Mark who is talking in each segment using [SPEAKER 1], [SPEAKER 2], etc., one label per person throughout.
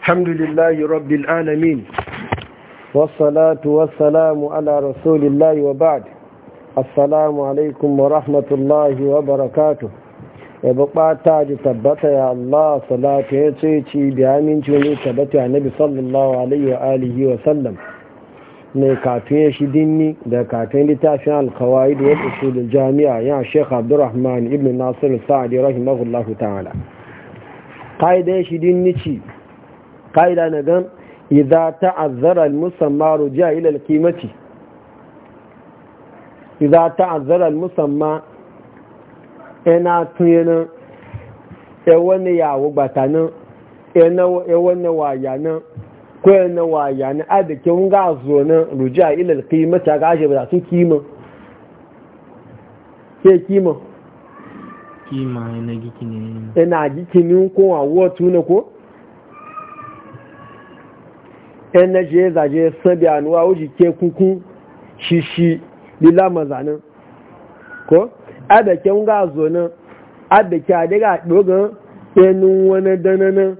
[SPEAKER 1] الحمد لله رب العالمين والصلاة والسلام على رسول الله وبعد السلام عليكم ورحمة الله وبركاته يبقى تاج تبت يا الله صلاة يتيتي بأمين جوني تبت يا نبي صلى الله عليه وآله وسلم ne katun ya shi dinni da katun littafin alkawai da ya usulul jami'a ya sheikh abdurrahman ibn nasir sa'adi rahimahullahu ta'ala kaida ya shi dinni ci ƙa'ida na gan idza ta'azzara al-musamma rujia ila al-qimati idza ta'azzara al-musamma ina tuyana e wani yawo gbata nan e wani waya na, ko yana waya nan a da kin ga zo nan rujia ila al-qimati ga shi ba su kima ke kima kima ina gikini ina gikini ko a wotu ne ko yan na je zaje sabi anuwa wuji ke kuku shishi lila mazanin ko adakin ga zo nan a daga dogon yanin wani dananan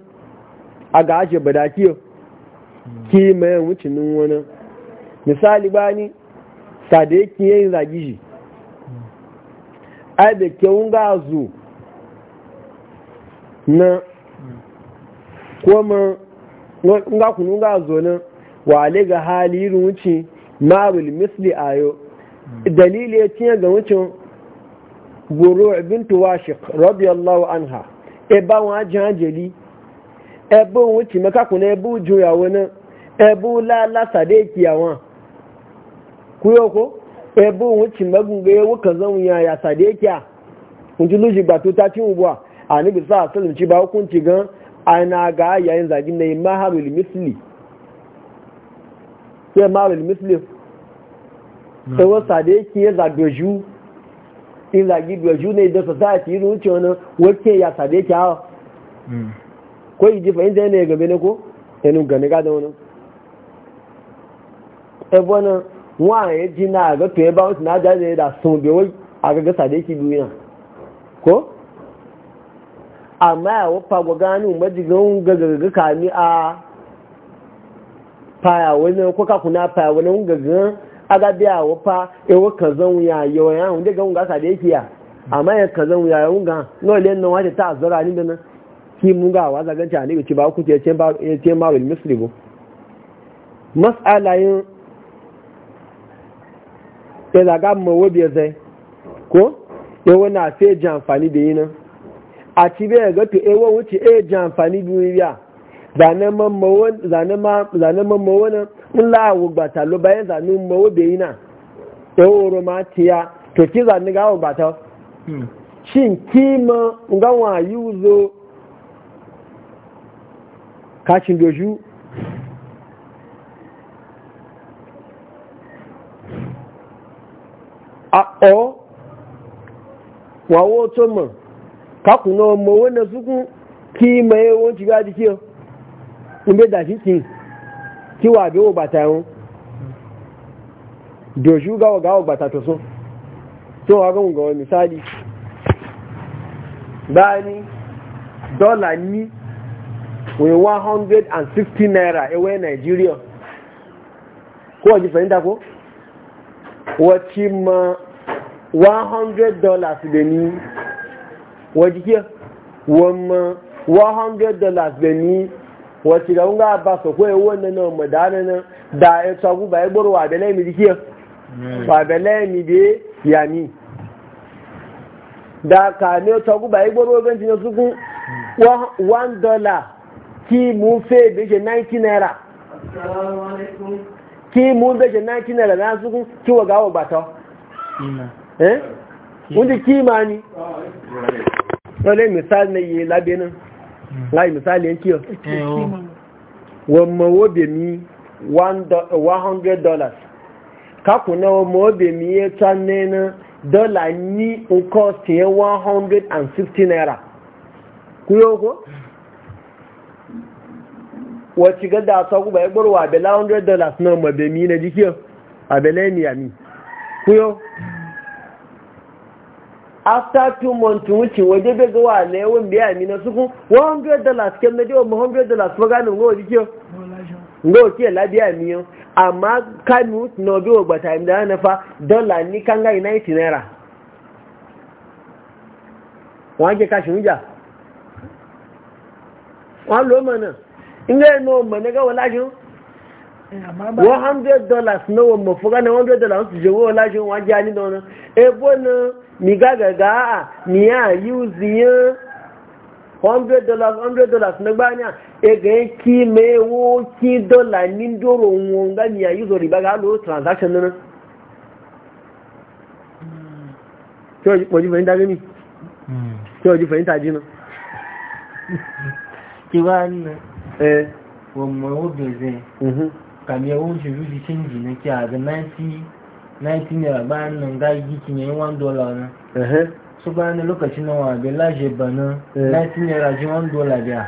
[SPEAKER 1] a ga ashe badakiyar ki mai wucinin wani misali bani sadeki yayin zagi shi adakin ga zo na kuma nga kunu nga zonin wale ga hali irin wuce marul misli ayo dalili ya tiye ga wucin guru bintu washiq radiyallahu anha e ba wa janjeli e bo wuce maka kuna e bu juya wani e bu la la sadeki yawan kuyo ko e wuce magunga ya wuka zan ya ya sadekiya kun ji luji ba to cin ubuwa a ni bi sa sallam ci ba hukunci gan ana ga yayin zagin na yi maharul misli sai maharul misli sai wasa da yake ya zagoju in zagi goju ne da society irin wuce wani wacce ya sade yake hawa hmm. ko yi ji fahimta yana ya gabe ne ko yanu gani gada wani ebe wani wa ya ji na ga to ya ba wasu na jajaye da sun bewai a gaga sade yake biyu ko amma ya wafa gwa gani majigan gagagaga kami a faya wani kuka kuna faya wani gagagan agabi biya wafa ewa kazan ya yawa ya ga wunga sade yake ya amma ya kazan ya yawa na no le nan wace ta zara ni da nan ki mun ga wa zagan ta ne ci ba ku ce ce ba ce ma bil misri go mas'ala ya zaga zai ko na sai ji amfani da atibe ga to ewo wuce e ji amfani duniya zane ma mawo na nla awu gbata lo bayan zane mawo da yi na ewuro ma ti to ki zane ga awu gbata hmm. shin ki ma nga wa uzo kacin doju a o wawo kakuna ọmọ wọ́nà súnkún kí mọ̀ ẹ́ wọ́n ti gáàdì kí ọ ìgbé dàtí kí kí wà bí wọ́n bàtà ẹ̀wọ̀n dòṣù gáwọ̀ bàtà tó sún tí wọ́n gọ̀ọ́ misali bá ní dọ́là ní wọ́n 160 naira ẹwẹ́ nigeria kó ọjí fẹ̀yìntà wọ́n ti mọ 100 dollars wajen ke wamma 100 dollars da ni wacce ga nga ba so ko wannan na, da ya tsagu ba ya wa mi dikiya wa mi de yani da ka ne ba na hmm. dollar ki mu fe naira ki mu naira na suku ki wa gawo bata. wale misali na yi labe nan lai misali yan kiyo wọn mawo be mi $100 kakù na wọn mawo be mi ya ta nena dọ́là ní nǹkan sí yẹn naira kúrò kó wọ́n ti gẹ́dà sọ́kú bá ẹgbọ́rọ̀ wà abẹ́lá $100 náà na jíkíọ̀ abẹ́lẹ́ ìmìyàmí after two months wuce waje bai ga wa ne biya mi na suku 100 dollars kem na jiwa 100 dollars ba ganin ngo dike ngo ke la biya mi yo amma kanu no bi o gbata mi na fa dollar ni kan ga 90 naira wọ́n jẹ́ káṣù ń jà wọ́n lò mọ̀ náà ilé ẹnu ga nígbàwọ́ láṣún one hundred dollars na wọn mọ̀ dollars ti owó jẹ́ à dollars dollars nígbà ní à kí kí dọ́là ní wọn gá à gá transaction nínú. tí fẹ̀yìn tí ẹ mọ̀ ó bẹ̀rẹ̀. kàmí owó jùlọ di kéńjì ní kí àgbẹ̀ náìtì náìtì bá ń nà ń yi kí yẹn one dollar na. so bá ní lókàtí náà wọn àgbẹ̀ láṣẹ bàná náìtì náírà jí one dollar bíà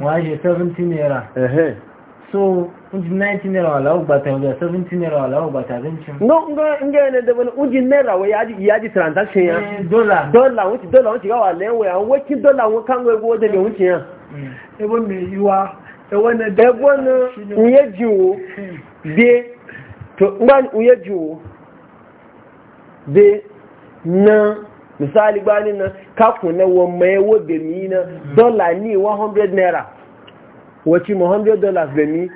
[SPEAKER 1] wọn á ṣe seventy náírà. so uji náìtì náírà wà láwù gbàtà ọjà seventy náírà wà láwù gbàtà abinci. no nga nga yana da wani uji náírà wa yaji yaji transaction ya. Eh, dollar dollar wuce dollar wuce gawa lẹ́wọ̀ ya wọ́n kí dollar wọn kan wọ́n gbọ́ da ẹgbọ́n uye jiwo de to ngban uye jiwo de na misali gbani na kakun na wọn mai wo bemi na dola ni 100 naira wace 100 dollars bemi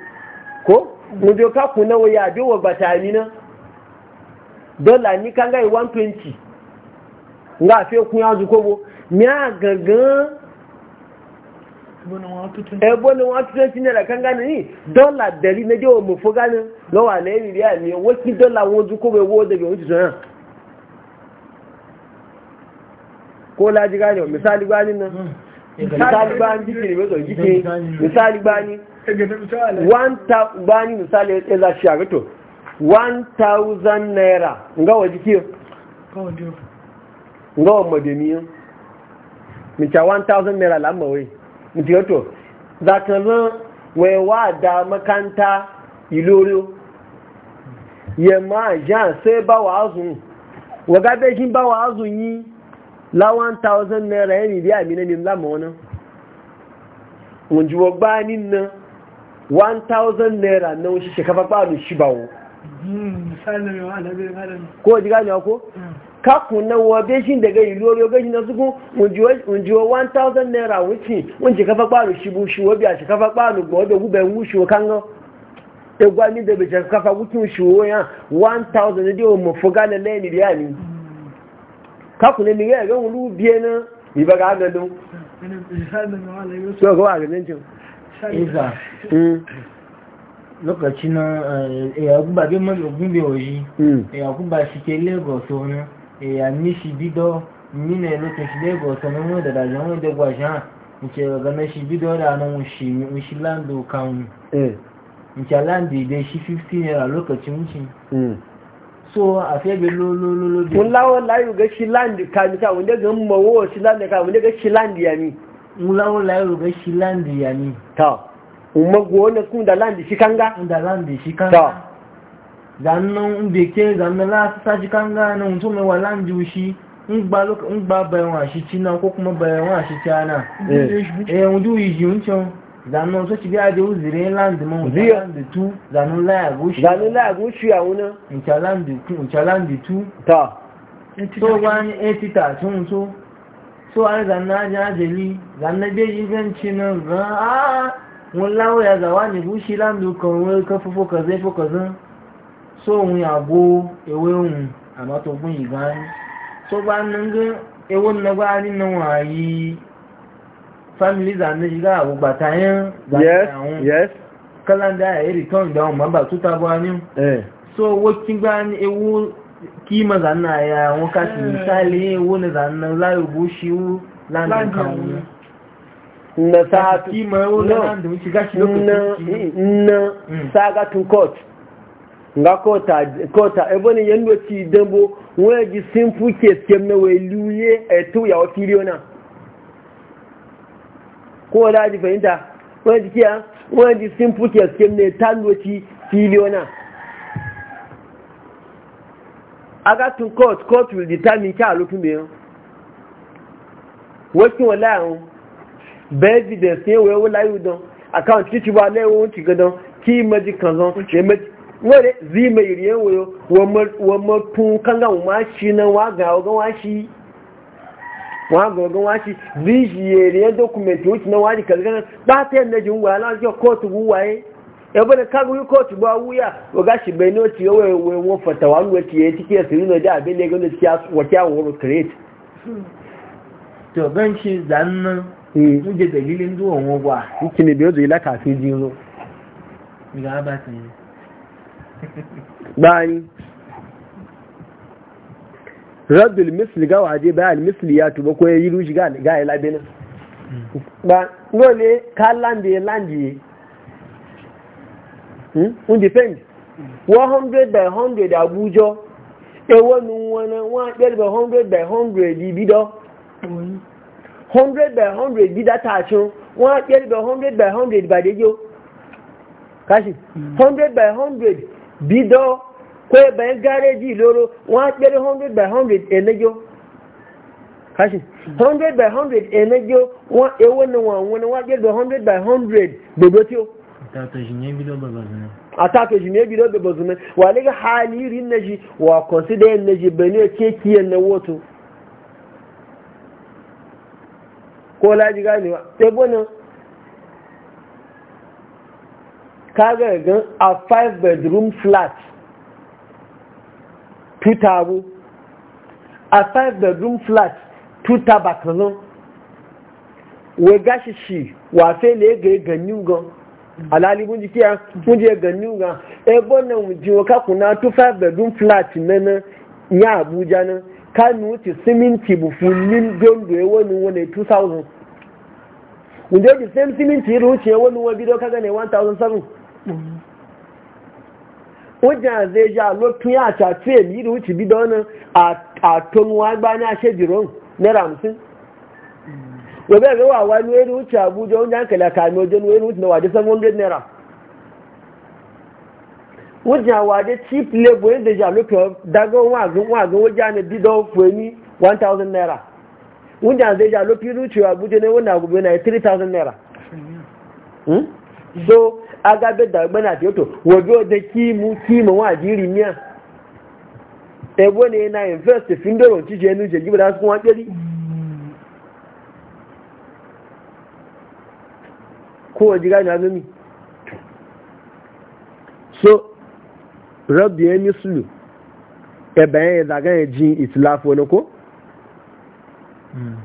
[SPEAKER 1] ko mu je kakun na waya de wa batani na dola ni kan gai 120 nga fi kun ya bo mi a gangan ebo ni wọ́n tún ṣe nílẹ̀ kan gánà dọ́là dẹ̀rí méjì ò mọ̀ lọ́wọ́ àlẹ́ ìrírí àmì wọ́n kí dọ́là wọn ojú kówó owó dẹ̀bẹ̀ òun jùlọ náà kó lájí gánà misali gbani náà misali gbani jíkiri mẹ́tọ̀ jíkiri misali gbani one thousand gbani misali ẹ̀zá ṣe one thousand naira nga wọ́n jíkiri nga wọ́n mọ̀dẹ̀ mi one thousand naira làmọ̀wé. mutiyoto zakanan waiwa da makanta ilori yamma jan sai ba wa azun waga bekin ba wa azun yi la 1000 naira yẹn ìdí àmì náà ni ńlá mọ́ náà wọ́n ju ọgbá nínú 1000 naira náà ṣe ṣe kápápá àlùsíbàwọ̀ kó Ko jí ká ní ọkọ́ kakun nan wa be daga ilori ogashi na suku unjiwa 1000 naira wuce wunci kafa kparu shibu shi wabi a shi kafa kparu ga wadda gube wuce wa kan egwa ni da bice kafa wukin shi wo ya 1000 ne dewa mafi gane lani da yani kakun ne ga ga wulu biye na bi ba ga gadon so ga wa cin lokaci na ya guba bi mazogun ya ke lagos wani ya mishi bido mine lokaci dai ga wata nan da da jan da gwashan nke ga na shi bido da nan shi shi lando kan eh nke lando dai shi 15 naira lokacin shi hmm. so a sai bi lo lo lo lo mun lawo layu ga shi lando kan ta wanda ga mawo shi lando kan wanda ga shi lando ya mi mun lawo layu shi lando ya mi ta umma go na kun da shi kanga da shi kanga zannan beke zannan la ta ji kan gane mutum mai walan jushi in gba bayan washi cina ko kuma bayan washi cana eh wuju yi eh, ji wuncin zannan so ci biya da uzire land mun land tu zannan la gushi zannan la gushi a wuna incha land tu incha land tu ta eh, so wani etita eh, tun so so ai zannan ja jeli zannan beji gancin ga a ah, mun lawo ya zawa gushi land kan wai ka fofo ka zai ka zan sóhun àgbo ewé òun àmọ́ tó gún ìgbà ní tó bá ń gbé ewé nígbà nínú ààyè families and nigeria àgbà tayán gbàgbà àwọn èrè tó ń dáhùn mọ́bà tó tàbí wá so owó tí gbá ní ewó kí mọ̀ zanna àyà àwọn káàkiri ìsáàlì ewó ní zanna láyò bó ṣe wú láàrín kan wọn na mọ̀ ewó láàrín kan wọn ṣe nga kota kota eboni yendo ti dembo we ji simple case kemne we luye etu ya ofiliona ko da ji fahimta we ji kiya we ji simple case kemne tanwo ti filiona aga tun court court will determine ka lo tun be wakin wala hun be evidence we we la yudan account ti ti wa le won ti gadan ki meji kan zon meji wale zime mai riyan wayo wa matun kanga na waga wagan washi waga wagan washi zai shi ya e dokumenti uchi na wani kalgana ba ta yadda jin ala na jiya kotu buwaye ya bada kagu yi kotu ba wuya waga shi bai ne wace yawai wai ya yi cike su na da abin da kireti to benchi shi zannan hmm. nuje dalilin zuwan wagwa yake ne zo yi lakafi bani raddul misli ga waje misli ya tuba ko rushi ga ba un defend 100 by 100 abujo ewo nu wona by 100 by 100 bido 100 by 100 data chun by 100 by 100 kashi 100 by 100 bido e ko ẹbà gareji gáréjì lóró wọ́n 100 by 100 ẹ̀nẹ́jọ́ kashi 100 by 100 ẹ̀nẹ́jọ́ wọ́n ewé ni wọ́n wọ́n 100 by 100 gbogbo tí ó àtàkì jù ní ẹbí lọ́gbẹ̀ bọ̀zùmẹ́ wà ní ká hàlì rí nẹ́jì wà kọ̀nsídẹ̀ nẹ́jì bẹ̀ẹ́ ní ẹ̀kẹ́ kí ẹ̀ náwó wa e kaga gan a five bedroom flat tuta bu a five bedroom flat tuta bakanon we gashi shi wa fe le ga ganin gan alali mun kiya mun je ganin gan e eh, bona mu ji wa kakuna tu five bedroom flat nana ya abuja nan kanu ti siminti bu fulin dondo e wani wani 2000 Wunde same siminti wani kaga ne 1007 wajen zai ja lokacin ya tafi yi da wuce bi da wani a tonuwa gbani a shediron na ramsin gobe ga wawa ni wani wuce abuja wani hankali a kami wajen wani wuce na waje san naira wajen waje cheap labor yadda e ja lokacin dagon ó wagon wajen na bidon e 1000 naira wajen hmm? zai zo agabe da dagbe na ti to wojo de ki kimu wa jiri mia ebo ne na invest findoro ti je nu je gibe da sun wa jeri ko jiga na zumi so rabbi ya mislu ebe ya zaga ya ji itilafu wani ko? Hmm.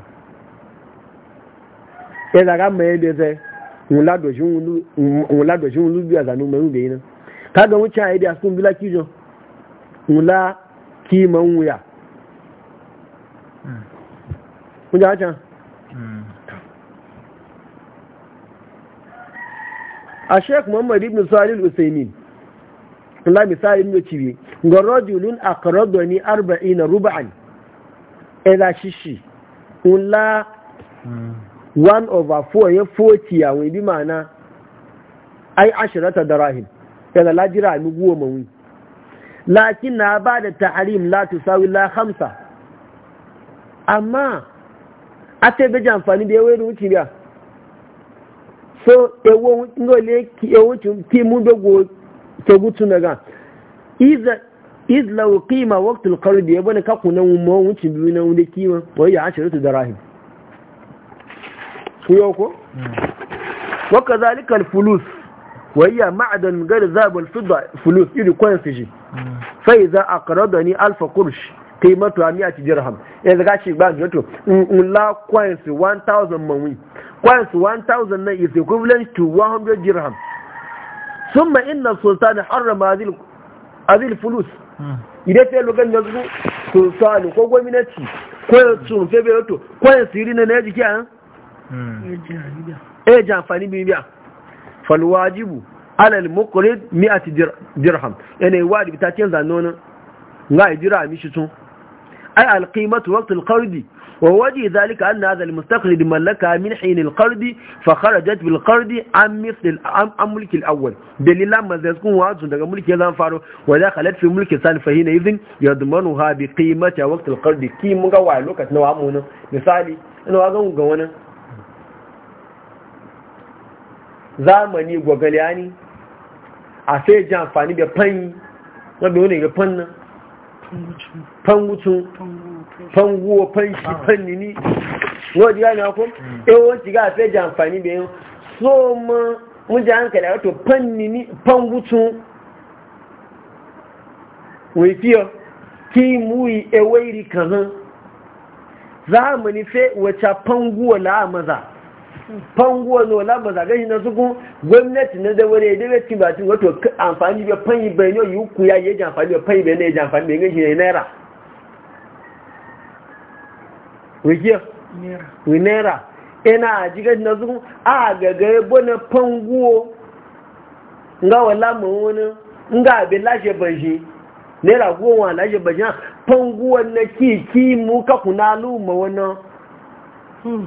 [SPEAKER 1] E ya zaga mai yadda zai wula da shi wulu biya zanen mai rube yinan kaga wuce a yadda sun bila kijon wula kiman wuya hmm. wuce hacan hmm, a sheik muhammad ibn salil usaimin la misali ne cibi ga rajulun aqradani 40 rub'an ila shishi wula hmm. one over 4 ya 40 ya wani bi ma'ana ai ashirata darahim yana lajira mi goma wani lakin na ba da ta'arim lati sawi la hamsa amma a ta amfani da yawon wuce a so ewo ngole ewo ki mu gutu naga iza iz law qima waqt al qardi yabana ka kunan mu bi na kima ta dara kuyo ko hmm. waka zalikal fulus wayya ma'adan gari zabal fidda fulus iri coins ji sai hmm. za a ni aqradani alf qursh a amiyati dirham ya zaga shi ba gato in la su 1000 mawi kwayan su 1000 na is equivalent to 100 dirham thumma inna sultana harrama hadhihi hadhihi fulus hmm. idan sai lugan yanzu sultani ko gwamnati ko sun febe to coins iri na ne jiki an Hmm. eh ji amfani biyu biya falwajibu alal muqrid mi'ati dirham yana wajibi ta canza nonon ga jira mishi tun ai alqimatu waqt alqard wa waji dhalika anna hadha almustaqrid mallaka min hin alqard fa kharajat bil qard an mithl am mulk alawwal dalilan mazkun wazu daga mulki zan faro wa dakhalat fi mulkin sal fa hina idhin yadmanuha bi qimati waqt alqard wa lokacin wa mun misali ina ga ga wannan zamani gwagaliya ne a sai ji amfani da fanyi wadda wani ga fannin fangutu fanguwa fanshi fanni ni wadda ya ne akwai yawon shiga a sai ji amfani da yin so ma mujin hankali wato fanni ni fangutu waifiyo ki muyi ewairi kanan zamani sai wacce fanguwa la'a maza fanguwa no la ba zaga gashi na suku gwamnati na da wani da bai ba tin wato amfani bai fanyi bai yau yi ku ya yi amfani bai fanyi bai ne yi amfani bai gashi ne naira wikiya naira ina a jiga na suku a gaga ya bane fanguwa nga wala mu wani nga abin lashe ban shi naira goma lashe ban shi fanguwa na ki ki mu ka mu lu ma wannan hmm.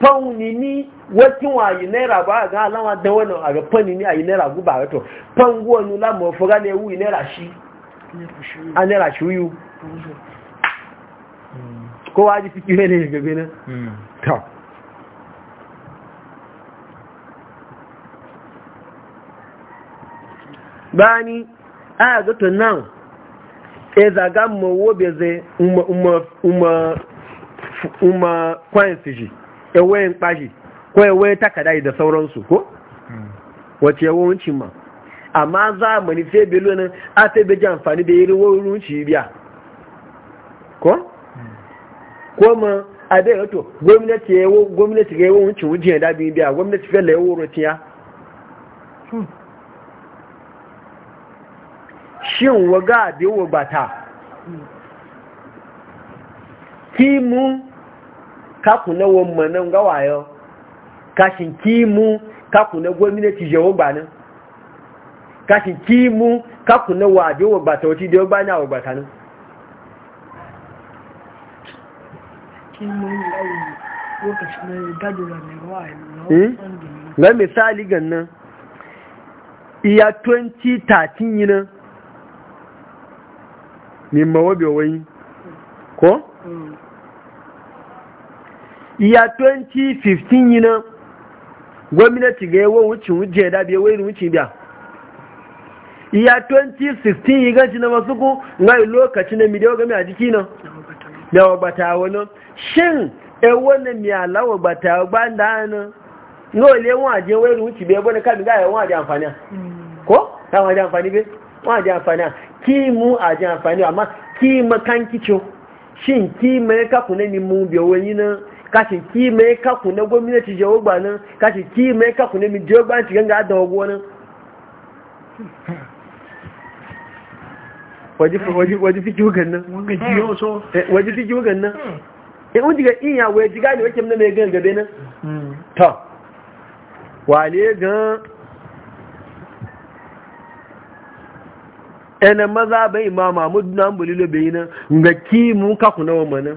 [SPEAKER 1] pauni ni wakin wa yi naira ba ga alama da wani a ga pauni ni a yi naira guba ga to panguwa nula ma fuga ne wuyi naira shi a naira shi wuyu kowa ji fi kiwe ne gabe na ta bani a ga to nan e zaga mawo beze umma umma umma kwanfiji yawayen ɓashi ko yawayen takada da sauransu ko wace yawancin ma amma a manife belu nan a sai bai ji amfani da irin wurin ci biya ko ko ma a da yato gwamnati ya yawo gwamnati ga yawo wucin wujin ya dabi biya gwamnati fela yawo rotiya shin waga da yawo bata kimu kaku na wamma nan gawayo kashin kimu kaku na gwamnati jawo kashin kimu kaku na waje wa gbata wacce da yau bani a gbata nan hmm? ga misali gannan iya 2013 yi nan mimma wabe wani ko? Hmm. iya 2015 yi nan gwamnati ga yawon wucin wuce da biya wani wucin biya iya 2016 yi ganci na masu ku ngai lokaci na midiyo game a jiki nan da wabata wani shin ewo na miyala wabata ba da hannun n'o le wọn àjẹ wẹ́rù ń tìbẹ̀ ẹgbọ́n ká nígbà ẹ̀ wọ́n àjẹ ni kashi ki eh, eh, hmm. eh, hmm. mai kaku na gwamnati jawo gbanin kashi ki mai kaku na mijiyo gbanin cikin ga adawa gonin waje fiki wugan nan waje fiki wugan nan in wuji ga iya waje ji gani wake mai gan gabe nan ta wale gan ɗanen maza bai ma mamudu na ambulilo bai nan ga ki mu kaku na wamanin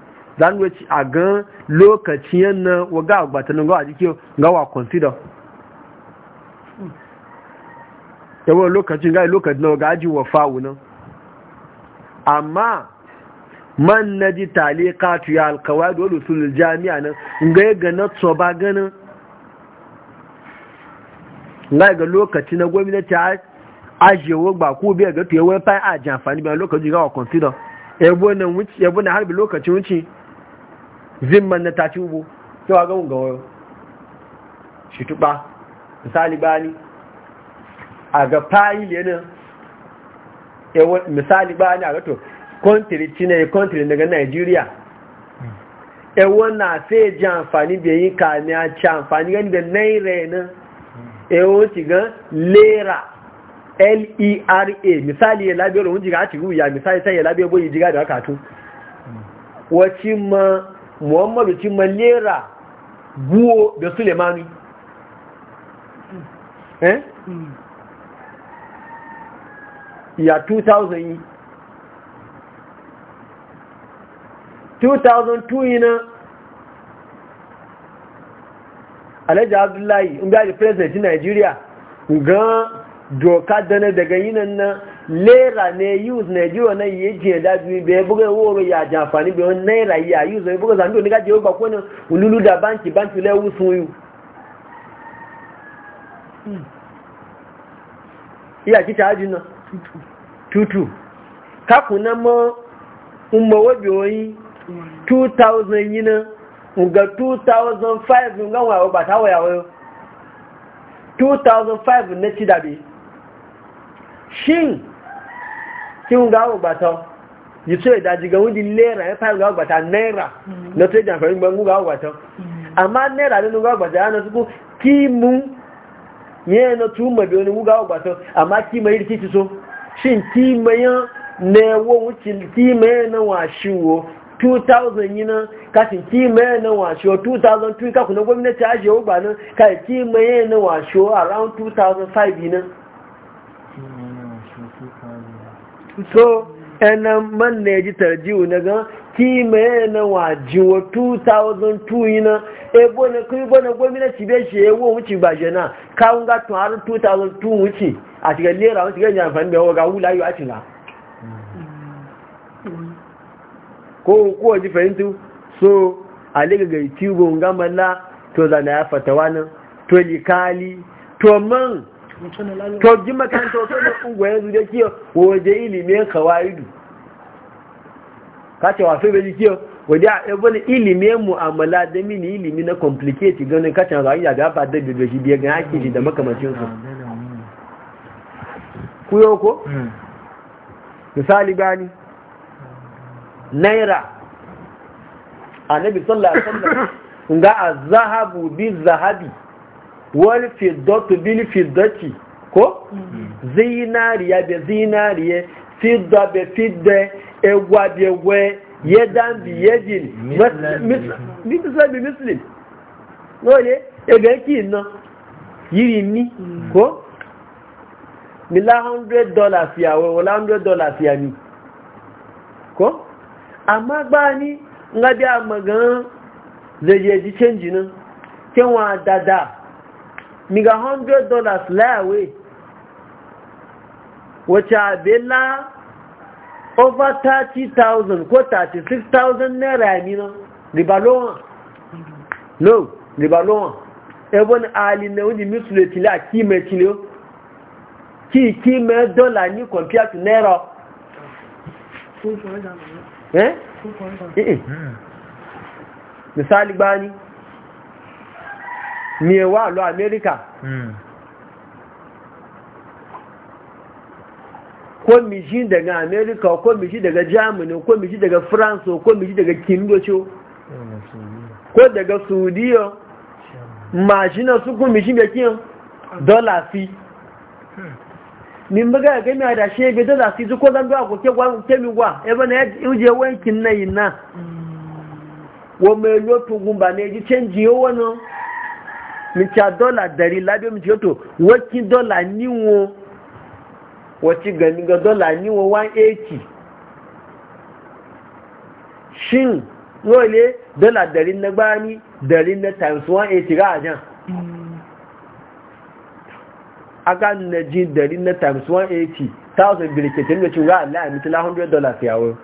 [SPEAKER 1] zan wuce a gan lokaci yana waga agbatanin gawa jiki gawa consider yawon lokacin gai lokacin na gaji wa fawunan amma man na ji tale katu ya alkawa da wani sulul jami'a nan ga ya gana tsoba ganin ga ga lokaci na gwamnati a ajiyewa ba ku biya ga tuyewar fayin a jamfani bayan lokacin gawa consider yabo na harbi lokacin wuce zimman na taci ubu cewa ga wunga wayo shi tuba misali bani a ga fayil yana misali bani a ga to kontiri cina kontiri daga nigeria ewon na fe ji amfani da yi ka ne a ci amfani gani da naira yana ewon ci ga lera lera misali ya labe ruhun jiga a ci ruya misali sai ya labe boyi jiga da wakatu wacin ma muhammadu ci malera buwo da sulemani eh ya 2000 yi 2002 yi na alhaji abdullahi in biya da Najeriya, nigeria gan doka dana daga yinan na lera ne use nigeria na iye da daju ibe buga woro ya ajan afani naira ya use buga zambi oni gaje ko ni ululu da banki banki lewu sun yu iya kita aji na tutu kakuna mo umowo bi oyin 2000 yina nga 2005 nga wa ogba tawo yawo 2005 ne ti dabi shin kí ń gáwò gbàtọ́ yìí tó ìdájí gan wọ́n di lẹ́ẹ̀rà ẹ̀ fáwọn gáwò gbàtà náírà lọ tó ìjà fẹ̀rí gbọ́n gáwò gbàtọ́ àmá náírà nínú gáwò gbàtà yánà tó kí mú yẹn ẹ̀nà tó mọ̀ bí oní gáwò gbàtọ́ àmá kí mọ̀ yìí ti so ṣì ń mọ̀ yẹn mọ̀ yẹn 2000 na so ɗanan man na yaji tarjiwu na gan kima yana wajiwa 2002 yana ebo na kuma bo na gwamnati bai shi yawo wuce ba jana kawun ga to har 2002 wuce a cikin lera wuce ganyen amfani da yawo ga wula yi a cina ko kowa ji fahimtu so a liga ga tubon gamala to zana ya fatawa nan to likali to man to ji makanta wato da ƙungwayen ya zuje kiyo waje ilimin kawaidu ka ce wafe bai kiyo waje a ɗabon ilimin mu'amala da mini ilimin na complicate ganin kacin rayu ya gafa da da shi biya ga haƙi shi da makamacin su kuyo ko hmm. misali gani naira annabi sallallahu alaihi wasallam ga azhabu bi zahabi wal fiddatu bil fiddati ko mm-hmm. zinariya be zinariye fidda be fidde egwa be we yedan bi yedin misla bi muslim wole ega ki no yiri ni mm-hmm. ko mila hundred dollars ya we wala hundred dollars ya ni ko amma gba ni nga bi amagan zai je ji change nan kenwa dada mi hundred dollars láàwé wacce abela over thirty thousand ko thirty six thousand naira ya nina ribalowa no ribalowa ebon ali na wani misule tile a kime tile ki kime dola ni compared to naira mi wà lọ amẹ́ríkà ko mi shi daga amerika ko mi shi daga germany ko mi shi daga france ko mi shi daga kindocho ko daga saudiya mashina su kun mi shi mai kiyan fi hmm. ni mbaga ga mi da she be fi ko zan ko ke gwa ke mi gwa e bana uje na hmm. wo me change mica dola dari labe mi to waki dola niwo wace gani ga dola niwo 180 shin wale dola dari na gbani dari na times 180 ga ajan aga na ji dari na times 180 thousand birkitin da cin ga Allah ya mitila 100 dollars yawo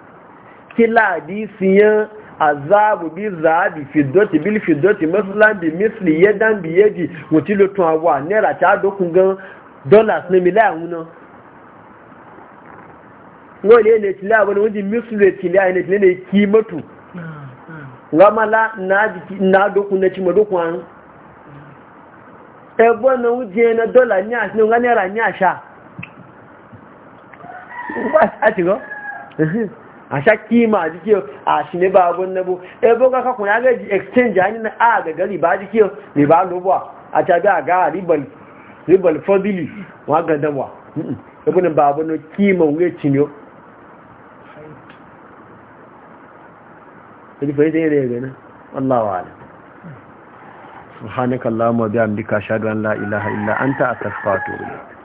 [SPEAKER 1] kila di siyan azabu bi zahabi fiddoti bil fiddoti muslim bi misli yadan bi yadi muti lo tun awa naira ta dokun gan dollars ne mi laawun na ngo le ne tila wani wani misli tila ne tila ne kimatu ngamala na na dokun ne chimo dokun an ebo na wuje na dollar ni asini nga naira ni asha wa ati go a sha kima jike a shi ne ba abun nabo e boga ka kuna ga exchange ani na a ga gari ba jike ne ba a ta ga ga ribal ribal fadili wa ga dabwa ibn ba abun kima wuye cinyo kaji fa Allah wa ala subhanakallahumma bihamdika ashhadu an la ilaha illa anta astaghfiruka